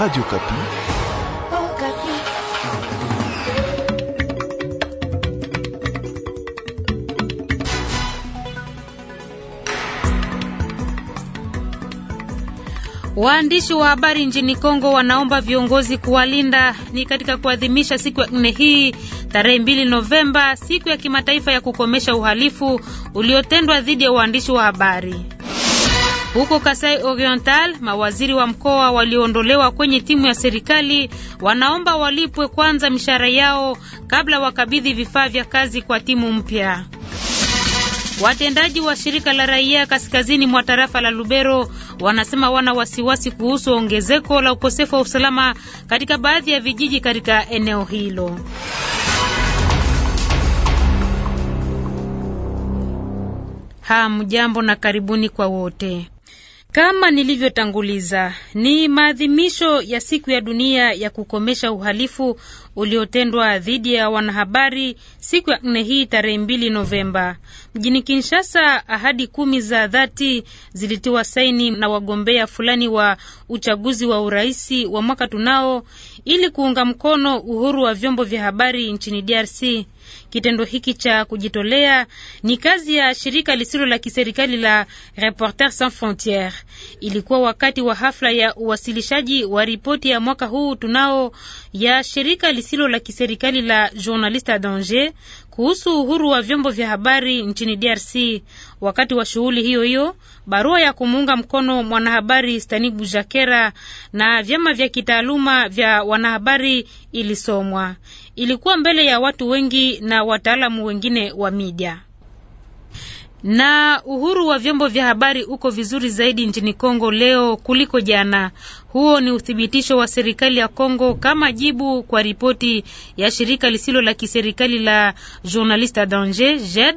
Radio Okapi. Oh, waandishi wa habari nchini Kongo wanaomba viongozi kuwalinda ni katika kuadhimisha siku ya nne hii tarehe 2 Novemba, siku ya kimataifa ya kukomesha uhalifu uliotendwa dhidi ya waandishi wa habari. Huko Kasai Oriental, mawaziri wa mkoa walioondolewa kwenye timu ya serikali wanaomba walipwe kwanza mishahara yao kabla wakabidhi vifaa vya kazi kwa timu mpya. Watendaji wa shirika la raia kaskazini mwa tarafa la Lubero wanasema wana wasiwasi kuhusu ongezeko la ukosefu wa usalama katika baadhi ya vijiji katika eneo hilo. Hamjambo na karibuni kwa wote. Kama nilivyotanguliza, ni maadhimisho ya siku ya dunia ya kukomesha uhalifu uliotendwa dhidi ya wanahabari siku ya nne hii tarehe mbili Novemba mjini Kinshasa. Ahadi kumi za dhati zilitiwa saini na wagombea fulani wa uchaguzi wa uraisi wa mwaka tunao ili kuunga mkono uhuru wa vyombo vya habari nchini DRC. Kitendo hiki cha kujitolea ni kazi ya shirika lisilo la kiserikali la Reporters Sans Frontieres. Ilikuwa wakati wa hafla ya uwasilishaji wa ripoti ya mwaka huu tunao ya shirika lisilo la kiserikali la Journaliste Danger kuhusu uhuru wa vyombo vya habari nchini DRC. Wakati wa shughuli hiyo hiyo, barua ya kumuunga mkono mwanahabari Stani Bujakera na vyama vya kitaaluma vya wanahabari ilisomwa. Ilikuwa mbele ya watu wengi na wataalamu wengine wa media. Na uhuru wa vyombo vya habari uko vizuri zaidi nchini Kongo leo kuliko jana. Huo ni uthibitisho wa serikali ya Kongo kama jibu kwa ripoti ya shirika lisilo la kiserikali la Journaliste Danger JED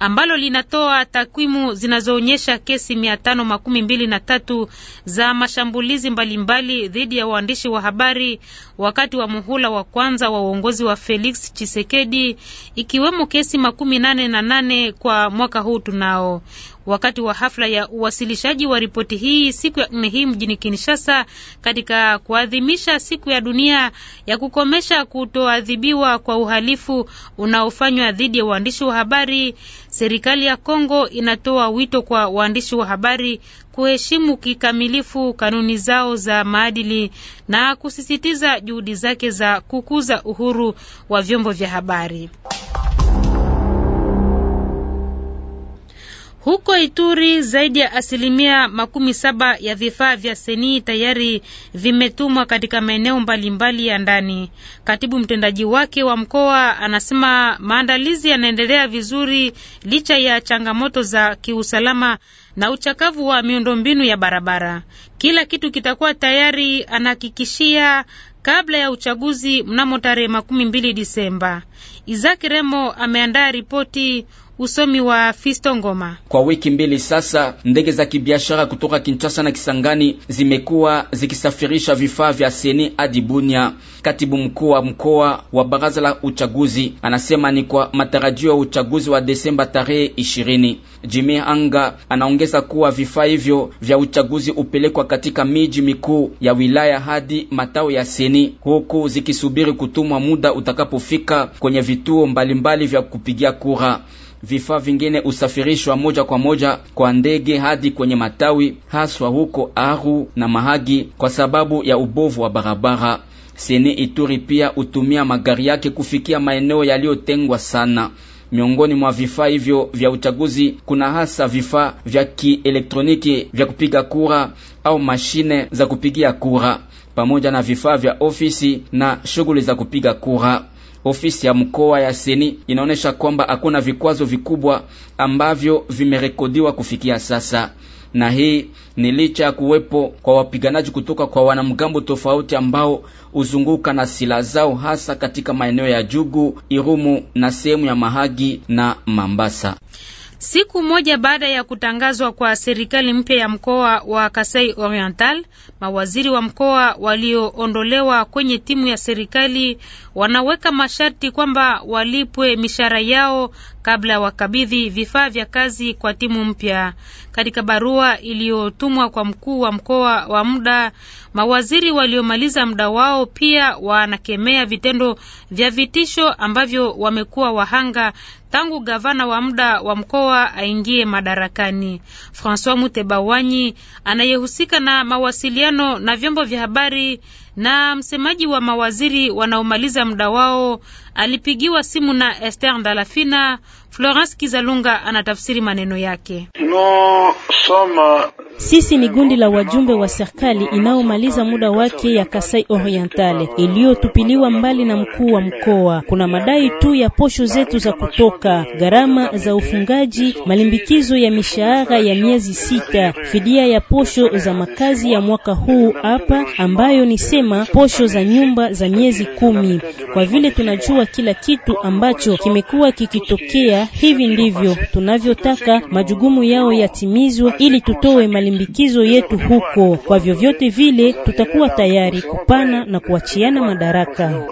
ambalo linatoa takwimu zinazoonyesha kesi mia tano makumi mbili na tatu za mashambulizi mbalimbali dhidi ya waandishi wa habari wakati wa muhula wa kwanza wa uongozi wa Felix Chisekedi, ikiwemo kesi makumi nane na nane kwa mwaka huu tunao Wakati wa hafla ya uwasilishaji wa ripoti hii siku ya nne hii mjini Kinshasa, katika kuadhimisha siku ya dunia ya kukomesha kutoadhibiwa kwa uhalifu unaofanywa dhidi ya waandishi wa habari, serikali ya Kongo inatoa wito kwa waandishi wa habari kuheshimu kikamilifu kanuni zao za maadili na kusisitiza juhudi zake za kukuza uhuru wa vyombo vya habari. Huko Ituri zaidi ya asilimia makumi saba ya vifaa vya seni tayari vimetumwa katika maeneo mbalimbali ya ndani. Katibu mtendaji wake wa mkoa anasema maandalizi yanaendelea vizuri licha ya changamoto za kiusalama na uchakavu wa miundombinu ya barabara. Kila kitu kitakuwa tayari, anahakikishia, kabla ya uchaguzi mnamo tarehe makumi mbili Disemba. Izaki Remo ameandaa ripoti Usomi wa Fisto Ngoma. Kwa wiki mbili sasa, ndege za kibiashara kutoka Kinshasa na Kisangani zimekuwa zikisafirisha vifaa vya seni hadi Bunia. Katibu mkuu wa mkoa wa baraza la uchaguzi anasema ni kwa matarajio ya uchaguzi wa Desemba tarehe ishirini. Jimmy Anga anaongeza kuwa vifaa hivyo vya uchaguzi upelekwa katika miji mikuu ya wilaya hadi matao ya seni, huku zikisubiri kutumwa muda utakapofika kwenye vituo mbalimbali mbali vya kupigia kura. Vifaa vingine husafirishwa moja kwa moja kwa ndege hadi kwenye matawi haswa huko Aru na Mahagi kwa sababu ya ubovu wa barabara. Seni Ituri pia hutumia magari yake kufikia maeneo yaliyotengwa sana. Miongoni mwa vifaa hivyo vya uchaguzi kuna hasa vifaa vya kielektroniki vya kupiga kura au mashine za kupigia kura pamoja na vifaa vya ofisi na shughuli za kupiga kura ofisi ya mkoa ya Seni inaonyesha kwamba hakuna vikwazo vikubwa ambavyo vimerekodiwa kufikia sasa, na hii ni licha ya kuwepo kwa wapiganaji kutoka kwa wanamgambo tofauti ambao huzunguka na silaha zao hasa katika maeneo ya Jugu, Irumu na sehemu ya Mahagi na Mambasa. Siku moja baada ya kutangazwa kwa serikali mpya ya mkoa wa Kasai Oriental, mawaziri wa mkoa walioondolewa kwenye timu ya serikali wanaweka masharti kwamba walipwe mishahara yao kabla wakabidhi vifaa vya kazi kwa timu mpya. Katika barua iliyotumwa kwa mkuu wa mkoa wa muda, mawaziri waliomaliza muda wao pia wanakemea vitendo vya vitisho ambavyo wamekuwa wahanga tangu gavana wa muda wa mkoa aingie madarakani. Francois Mutebawanyi anayehusika na mawasiliano na vyombo vya habari na msemaji wa mawaziri wanaomaliza muda wao alipigiwa simu na Esther Ndalafina. Florence Kizalunga anatafsiri maneno yake. sisi ni gundi la wajumbe wa serikali inaomaliza muda wake ya Kasai Orientale iliyotupiliwa mbali na mkuu wa mkoa. Kuna madai tu ya posho zetu za kutoka, gharama za ufungaji, malimbikizo ya mishahara ya miezi sita, fidia ya posho za makazi ya mwaka huu hapa, ambayo ni sema posho za nyumba za miezi kumi. Kwa vile tunajua kila kitu ambacho kimekuwa kikitokea. Hivi ndivyo tunavyotaka majukumu yao yatimizwe, ili tutoe malimbikizo yetu huko. Kwa vyovyote vile, tutakuwa tayari kupana na kuachiana madaraka.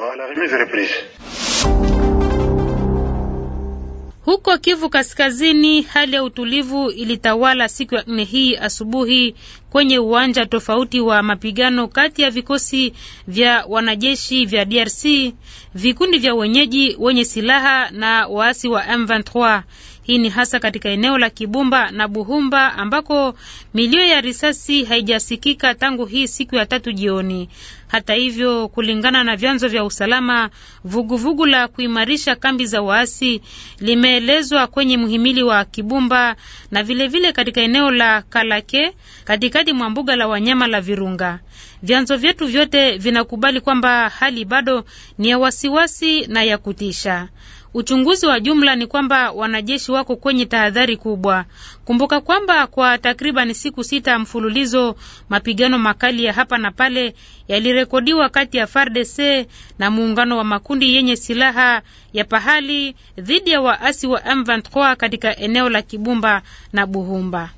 Huko Kivu Kaskazini, hali ya utulivu ilitawala siku ya nne hii asubuhi kwenye uwanja tofauti wa mapigano kati ya vikosi vya wanajeshi vya DRC, vikundi vya wenyeji wenye silaha na waasi wa M23. Hii ni hasa katika eneo la Kibumba na Buhumba ambako milio ya risasi haijasikika tangu hii siku ya tatu jioni. Hata hivyo, kulingana na vyanzo vya usalama, vuguvugu vugu la kuimarisha kambi za waasi limeelezwa kwenye mhimili wa Kibumba na vilevile vile katika eneo la Kalake katikati mwa mbuga la wanyama la Virunga. Vyanzo vyetu vyote vinakubali kwamba hali bado ni ya wasiwasi na ya kutisha. Uchunguzi wa jumla ni kwamba wanajeshi wako kwenye tahadhari kubwa. Kumbuka kwamba kwa takriban siku sita mfululizo mapigano makali ya hapa na pale yalirekodiwa kati ya FARDC na muungano wa makundi yenye silaha ya pahali dhidi ya waasi wa M23 katika eneo la Kibumba na Buhumba.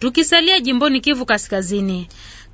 Tukisalia jimboni Kivu Kaskazini,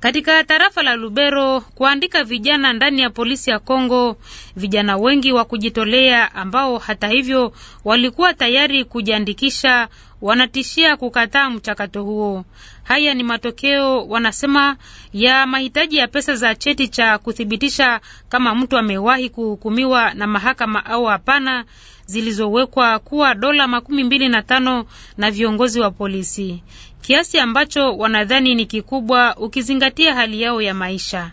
katika tarafa la Lubero, kuandika vijana ndani ya polisi ya Kongo, vijana wengi wa kujitolea ambao hata hivyo walikuwa tayari kujiandikisha wanatishia kukataa mchakato huo. Haya ni matokeo, wanasema, ya mahitaji ya pesa za cheti cha kuthibitisha kama mtu amewahi kuhukumiwa na mahakama au hapana, zilizowekwa kuwa dola makumi mbili na tano na viongozi wa polisi kiasi ambacho wanadhani ni kikubwa ukizingatia hali yao ya maisha.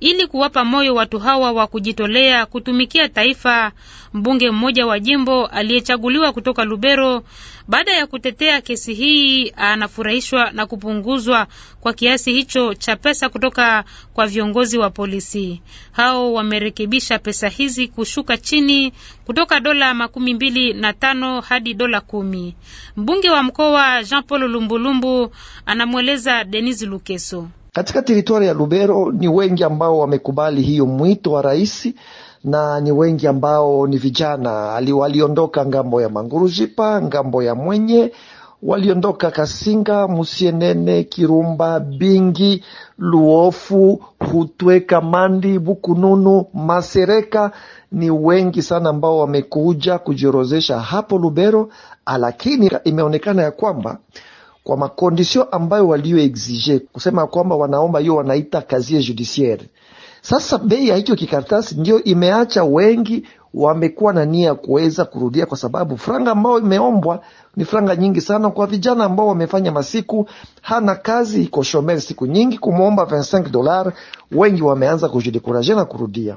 Ili kuwapa moyo watu hawa wa kujitolea kutumikia taifa, mbunge mmoja wa jimbo aliyechaguliwa kutoka Lubero baada ya kutetea kesi hii, anafurahishwa na kupunguzwa kwa kiasi hicho cha pesa kutoka kwa viongozi wa polisi. Hao wamerekebisha pesa hizi kushuka chini kutoka dola makumi mbili na tano hadi dola kumi. Mbunge wa mkoa Jean Paul Lumbulumbu anamweleza Denis Lukeso. Katika teritwari ya Lubero ni wengi ambao wamekubali hiyo mwito wa rais na ni wengi ambao ni vijana waliondoka ngambo ya Manguruzipa, ngambo ya Mwenye, waliondoka Kasinga, Musienene, Kirumba, Bingi, Luofu, Hutwe, Kamandi, Bukununu, Masereka. Ni wengi sana ambao wamekuja kujiorozesha hapo Lubero, lakini imeonekana ya kwamba kwa makondisio ambayo walioexige kusema kwamba wanaomba hiyo wanaita kazie judiciaire sasa bei ya hicho kikaratasi ndio imeacha wengi wamekuwa na nia ya kuweza kurudia, kwa sababu franga ambayo imeombwa ni franga nyingi sana. Kwa vijana ambao wamefanya masiku, hana kazi, iko shomeri siku nyingi, kumwomba 25 dolar, wengi wameanza kujidekuraje na kurudia.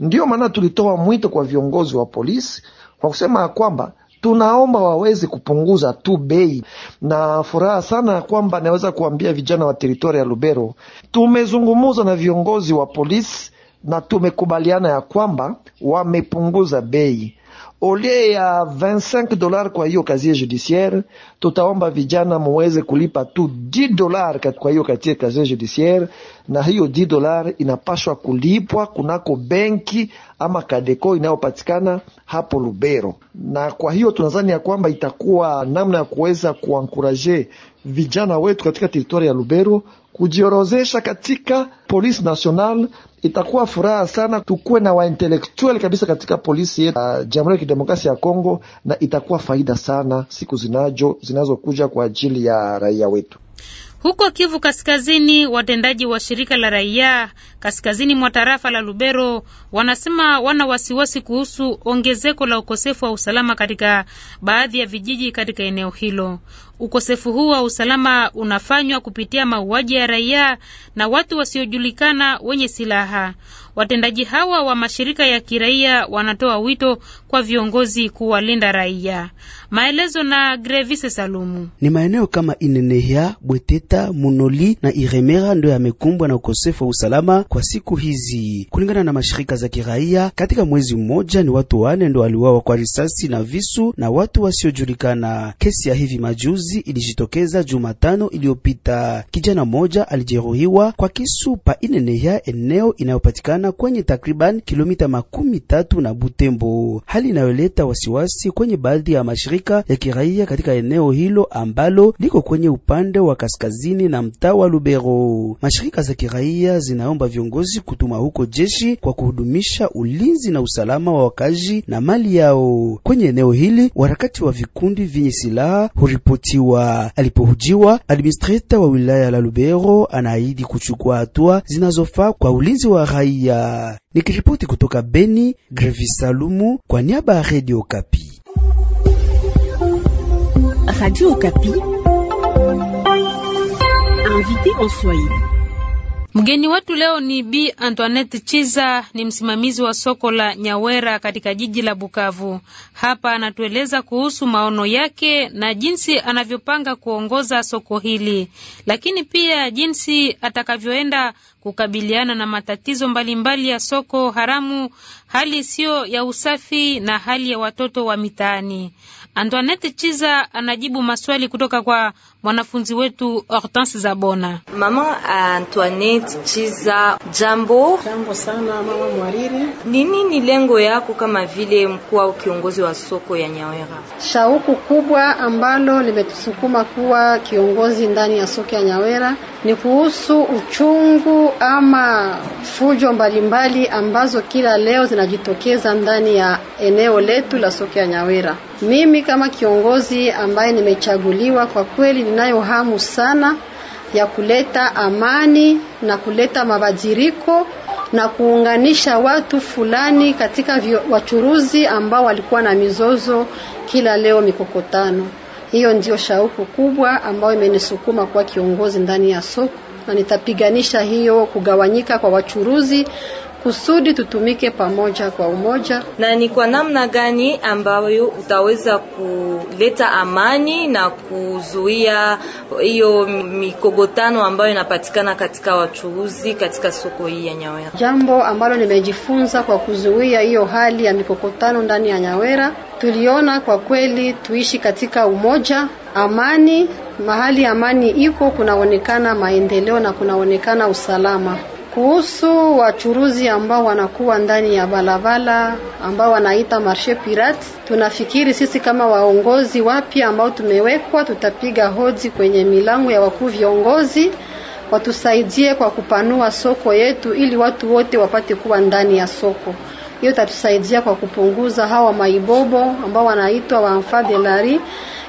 ndio maana tulitoa mwito kwa viongozi wa polisi kwa kusema ya kwamba tunaomba waweze kupunguza tu bei, na furaha sana kwamba naweza kuambia vijana wa teritoria ya Lubero, tumezungumuza na viongozi wa polisi na tumekubaliana ya kwamba wamepunguza bei au lieu ya 25 dollars kwa hiyo kazie judiciaire, tutaomba vijana muweze kulipa tu 10 dollars kwa hiyo kazie kazie judiciaire, na hiyo 10 dollars inapashwa kulipwa kunako benki ama Kadeko inayopatikana hapo Lubero. Na kwa hiyo tunazani ya kwamba itakuwa namna ya kuweza kuankuraje vijana wetu katika teritoria ya Lubero kujiorozesha katika polisi national itakuwa furaha sana tukuwe na waintelektuel kabisa katika polisi yetu uh, Jamhuri ya Kidemokrasia ya Kongo, na itakuwa faida sana siku zinazo zinazokuja kwa ajili ya raia wetu. Huko Kivu Kaskazini, watendaji wa shirika la raia kaskazini mwa tarafa la Lubero wanasema wana wasiwasi kuhusu ongezeko la ukosefu wa usalama katika baadhi ya vijiji katika eneo hilo. Ukosefu huu wa usalama unafanywa kupitia mauaji ya raia na watu wasiojulikana wenye silaha. Watendaji hawa wa mashirika ya kiraia wanatoa wito kwa viongozi kuwalinda raia. Maelezo na Grevise Salumu. Ni maeneo kama Inenehia, Bweteta, Munoli na Iremera ndio yamekumbwa na ukosefu wa usalama kwa siku hizi, kulingana na mashirika za kiraia. Katika mwezi mmoja ni watu wane ndio waliuawa kwa risasi na visu na watu wasiojulikana. Kesi ya hivi majuzi ilijitokeza Jumatano iliyopita, kijana mmoja alijeruhiwa kwa kisu pa Inenehia, eneo inayopatikana kwenye takriban kilomita makumi tatu na Butembo, hali inayoleta wasiwasi kwenye baadhi ya mashirika mashirika ya kiraia katika eneo hilo ambalo liko kwenye upande wa kaskazini na mtaa wa Lubero. Mashirika za kiraia zinaomba viongozi kutuma huko jeshi kwa kuhudumisha ulinzi na usalama wa wakazi na mali yao kwenye eneo hili. Warakati wa vikundi vyenye silaha huripotiwa. Alipohujiwa, administrator wa wilaya la Lubero anaahidi kuchukua hatua zinazofaa kwa ulinzi wa raia. Nikiripoti kutoka Beni, Grevi Salumu kwa niaba ya Radio Kapi. Radio Okapi. Invité en Swahili. Mgeni wetu leo ni Bi Antoinette Chiza, ni msimamizi wa soko la Nyawera katika jiji la Bukavu. Hapa anatueleza kuhusu maono yake na jinsi anavyopanga kuongoza soko hili, lakini pia jinsi atakavyoenda kukabiliana na matatizo mbalimbali mbali ya soko haramu, hali isiyo ya usafi na hali ya watoto wa mitaani. Antoinette Chiza anajibu maswali kutoka kwa mwanafunzi wetu Hortense Zabona. Mama Antoinette Chiza, jambo. Jambo sana mama Mwariri. Nini lengo yako kama vile mkuu au kiongozi wa soko ya Nyawera? Shauku kubwa ambalo limetusukuma kuwa kiongozi ndani ya soko ya Nyawera ni kuhusu uchungu ama fujo mbalimbali mbali ambazo kila leo zinajitokeza ndani ya eneo letu la soko ya Nyawera. Mimi kama kiongozi ambaye nimechaguliwa, kwa kweli ninayo hamu sana ya kuleta amani na kuleta mabadiliko na kuunganisha watu fulani katika wachuruzi ambao walikuwa na mizozo, kila leo mikokotano. Hiyo ndio shauku kubwa ambayo imenisukuma kuwa kiongozi ndani ya soko na nitapiganisha hiyo kugawanyika kwa wachuruzi kusudi tutumike pamoja kwa umoja. Na ni kwa namna gani ambayo utaweza kuleta amani na kuzuia hiyo mikogotano ambayo inapatikana katika wachuuzi katika soko hii ya Nyawera? Jambo ambalo nimejifunza kwa kuzuia hiyo hali ya mikokotano ndani ya Nyawera, tuliona kwa kweli tuishi katika umoja, amani. Mahali amani iko kunaonekana maendeleo na kunaonekana usalama kuhusu wachuruzi ambao wanakuwa ndani ya balabala ambao wanaita marshe pirate, tunafikiri sisi kama waongozi wapya ambao tumewekwa, tutapiga hodi kwenye milango ya wakuu viongozi watusaidie kwa kupanua soko yetu ili watu wote wapate kuwa ndani ya soko hiyo itatusaidia kwa kupunguza hawa maibobo ambao wanaitwa lari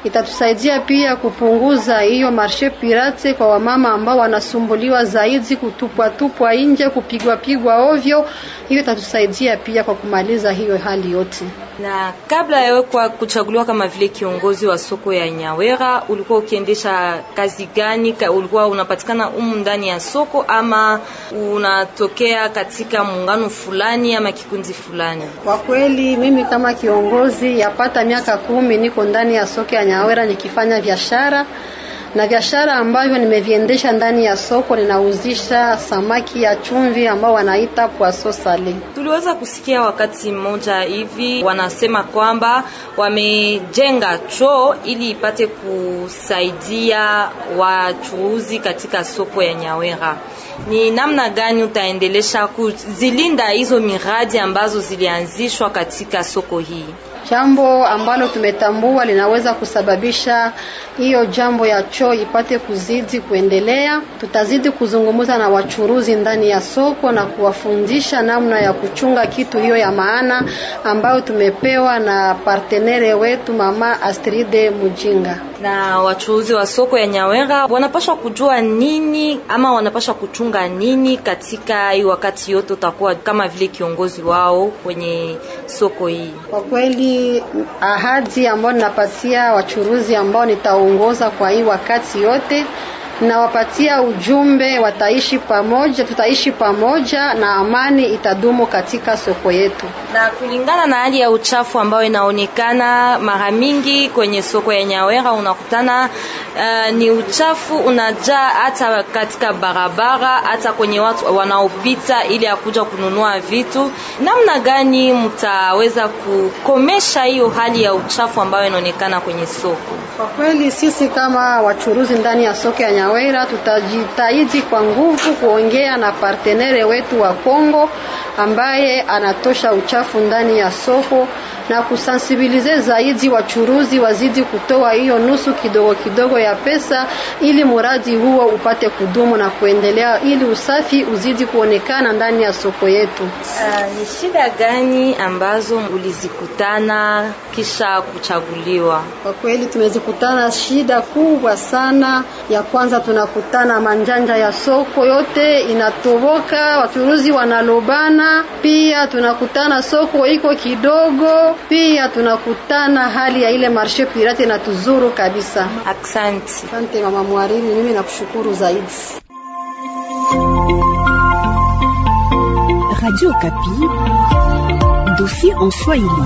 itatusaidia pia kupunguza hiyo marshe pirate kwa wamama ambao wanasumbuliwa zaidi kutupwa tupwa nje kupigwa pigwa ovyo hiyo itatusaidia pia kwa kumaliza hiyo hali yote na kabla ya kwa kuchaguliwa kama vile kiongozi wa soko ya Nyawera, ulikuwa ukiendesha kazi gani? Ulikuwa unapatikana umu ndani ya soko ama unatokea katika muungano fulani ama kikundi fulani? Kwa kweli mimi kama kiongozi yapata miaka kumi niko ndani ya soko ya Nyawera nikifanya biashara na biashara ambavyo nimeviendesha ndani ya soko, ninauzisha samaki ya chumvi ambao wanaita poisson sale. Tuliweza kusikia wakati mmoja hivi wanasema kwamba wamejenga choo ili ipate kusaidia wachuuzi katika soko ya Nyawera. Ni namna gani utaendelesha kuzilinda hizo miradi ambazo zilianzishwa katika soko hii? jambo ambalo tumetambua linaweza kusababisha hiyo jambo ya choo ipate kuzidi kuendelea. Tutazidi kuzungumza na wachuruzi ndani ya soko na kuwafundisha namna ya kuchunga kitu hiyo ya maana ambayo tumepewa na partenere wetu Mama Astride Mujinga na wachuuzi wa soko ya Nyawera wanapasha kujua nini ama wanapasha kuchunga nini katika hii wakati yote utakuwa kama vile kiongozi wao kwenye soko hii? Kwa kweli ahadi ambayo ninapatia wachuruzi ambao nitaongoza kwa hii wakati yote nawapatia ujumbe, wataishi pamoja, tutaishi pamoja na amani itadumu katika soko yetu. Na kulingana na hali ya uchafu ambayo inaonekana mara mingi kwenye soko ya Nyawera, unakutana uh, ni uchafu unajaa hata katika barabara, hata kwenye watu wanaopita ili akuja kununua vitu. Namna gani mtaweza kukomesha hiyo hali ya uchafu ambayo inaonekana kwenye soko? Kwa kweli sisi kama wachuruzi ndani ya soko ya Nyawera Nyawera tutajitahidi kwa nguvu kuongea na partenere wetu wa Kongo ambaye anatosha uchafu ndani ya soko na kusansibilize zaidi wachuruzi wazidi kutoa hiyo nusu kidogo kidogo ya pesa, ili muradi huo upate kudumu na kuendelea, ili usafi uzidi kuonekana ndani ya soko yetu. Uh, ni shida gani ambazo ulizikutana kisha kuchaguliwa? Kwa kweli tumezikutana shida kubwa sana. Ya kwanza tunakutana manjanja ya soko yote inatoboka, wachuruzi wanalobana. Pia tunakutana soko iko kidogo, pia tunakutana hali ya ile marshe pirate na tuzuru kabisa. Asante, asante mama mwalimu, mimi nakushukuru zaidi. Radio Kapi, dofi en Swahili.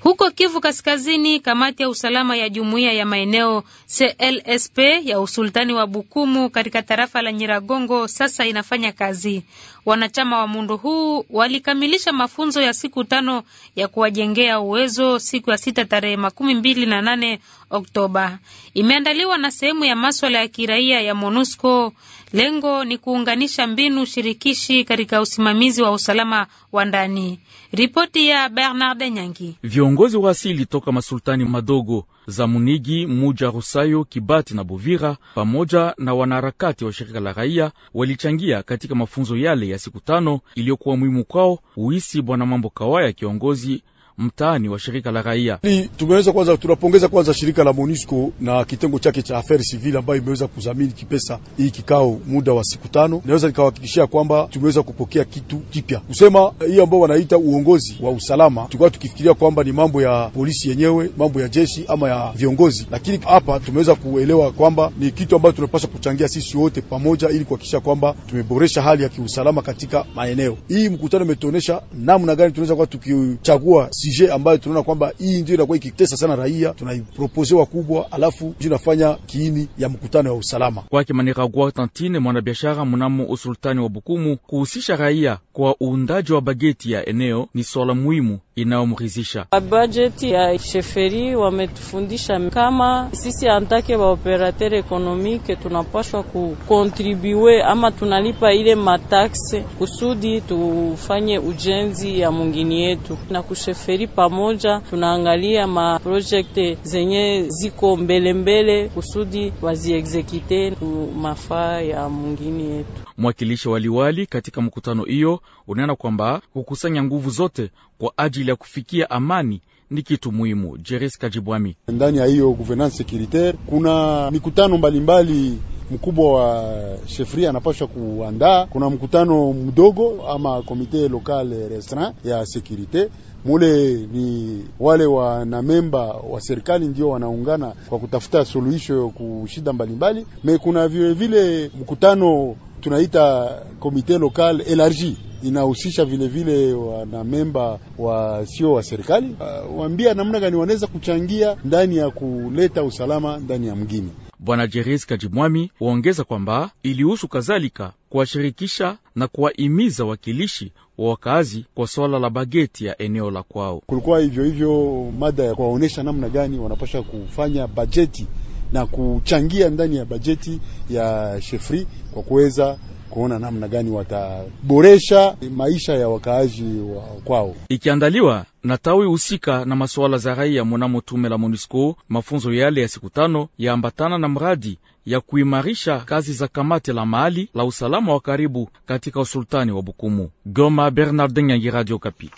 Huko Kivu Kaskazini, kamati ya usalama ya jumuiya ya maeneo CLSP ya usultani wa Bukumu katika tarafa la Nyiragongo sasa inafanya kazi. Wanachama wa muundo huu walikamilisha mafunzo ya siku tano ya kuwajengea uwezo siku ya sita tarehe makumi mbili na nane Oktoba. Imeandaliwa na sehemu ya maswala ya kiraia ya MONUSCO. Lengo ni kuunganisha mbinu shirikishi katika usimamizi wa usalama wa ndani. Ripoti ya Bernard Nyangi. Viongozi wa asili toka masultani madogo za Munigi, Muja, Rusayo, Kibati na Buvira pamoja na wanaharakati wa shirika la raia walichangia katika mafunzo yale ya siku tano iliyokuwa muhimu kwao, Uisi Bwana Mambo Kawaya, kiongozi mtaani wa shirika la raia. Tumeweza kwanza, tunapongeza kwanza shirika la MONUSCO na kitengo chake cha affaires civile ambayo imeweza kudhamini kipesa hii kikao muda wa siku tano. Naweza nikawahakikishia kwamba tumeweza kupokea kitu kipya, kusema hii ambao wanaita uongozi wa usalama. Tulikuwa tukifikiria kwamba ni mambo ya polisi yenyewe, mambo ya jeshi ama ya viongozi, lakini hapa tumeweza kuelewa kwamba ni kitu ambacho tunapaswa kuchangia sisi wote pamoja, ili kuhakikisha kwamba tumeboresha hali ya kiusalama katika maeneo hii. Mkutano umetuonesha namna gani tunaweza kuwa tukichagua sujet ambayo tunaona kwamba hii ndio inakuwa ikitesa sana raia, tunaipropoze wakubwa, alafu ndio inafanya kiini ya mkutano wa usalama kwake. Maniragua Tantine, mwanabiashara mnamo usultani wa Bukumu, kuhusisha raia kwa uundaji wa bageti ya eneo ni swala muhimu inaomrizisha Bajeti ya sheferi wametufundisha kama sisi antake ba ekonomike tunapashwa kukontribue ama tunalipa ile matakse kusudi tufanye ujenzi ya mungini yetu na kusheferi pamoja, tunaangalia maprojekte zenye ziko mbelembele mbele kusudi waziexekite mafaa ya mungini yetu. Mwakilishi wa liwali katika mkutano hiyo unena kwamba kukusanya nguvu zote kwa ajili ya kufikia amani ni kitu muhimu. Jeres Kajibwami: ndani ya hiyo governance securitaire kuna mikutano mbalimbali mkubwa wa shefria anapashwa kuandaa. Kuna mkutano mdogo ama komite local restreint ya sekurite, mule ni wale wanamemba wa serikali ndio wanaungana kwa kutafuta suluhisho kushida mbalimbali. Me kuna vilevile mkutano tunaita komite lokal elargi inahusisha vilevile memba wasio wa serikali uh, waambia namna gani wanaweza kuchangia ndani ya kuleta usalama ndani ya mgini. Bwana Jeris Kajimwami waongeza kwamba ilihusu kadhalika kuwashirikisha na kuwahimiza wakilishi wa wakazi kwa swala la bageti ya eneo la kwao. Kulikuwa hivyo hivyo mada ya kuwaonyesha namna gani wanapasha kufanya bajeti na kuchangia ndani ya bajeti ya Shefri kwa kuweza kuona namna gani wataboresha maisha ya wakaaji wa kwao, ikiandaliwa na tawi husika na masuala za raia mwanamo tume la MONUSCO. Mafunzo yale ya siku tano yaambatana na mradi ya kuimarisha kazi za kamati la mahali la usalama wa karibu katika usultani wa Bukumu. Goma, Bernardin Yangi, Radio Kapi.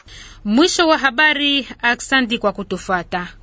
Mwisho wa habari. Aksandi kwa kutufata.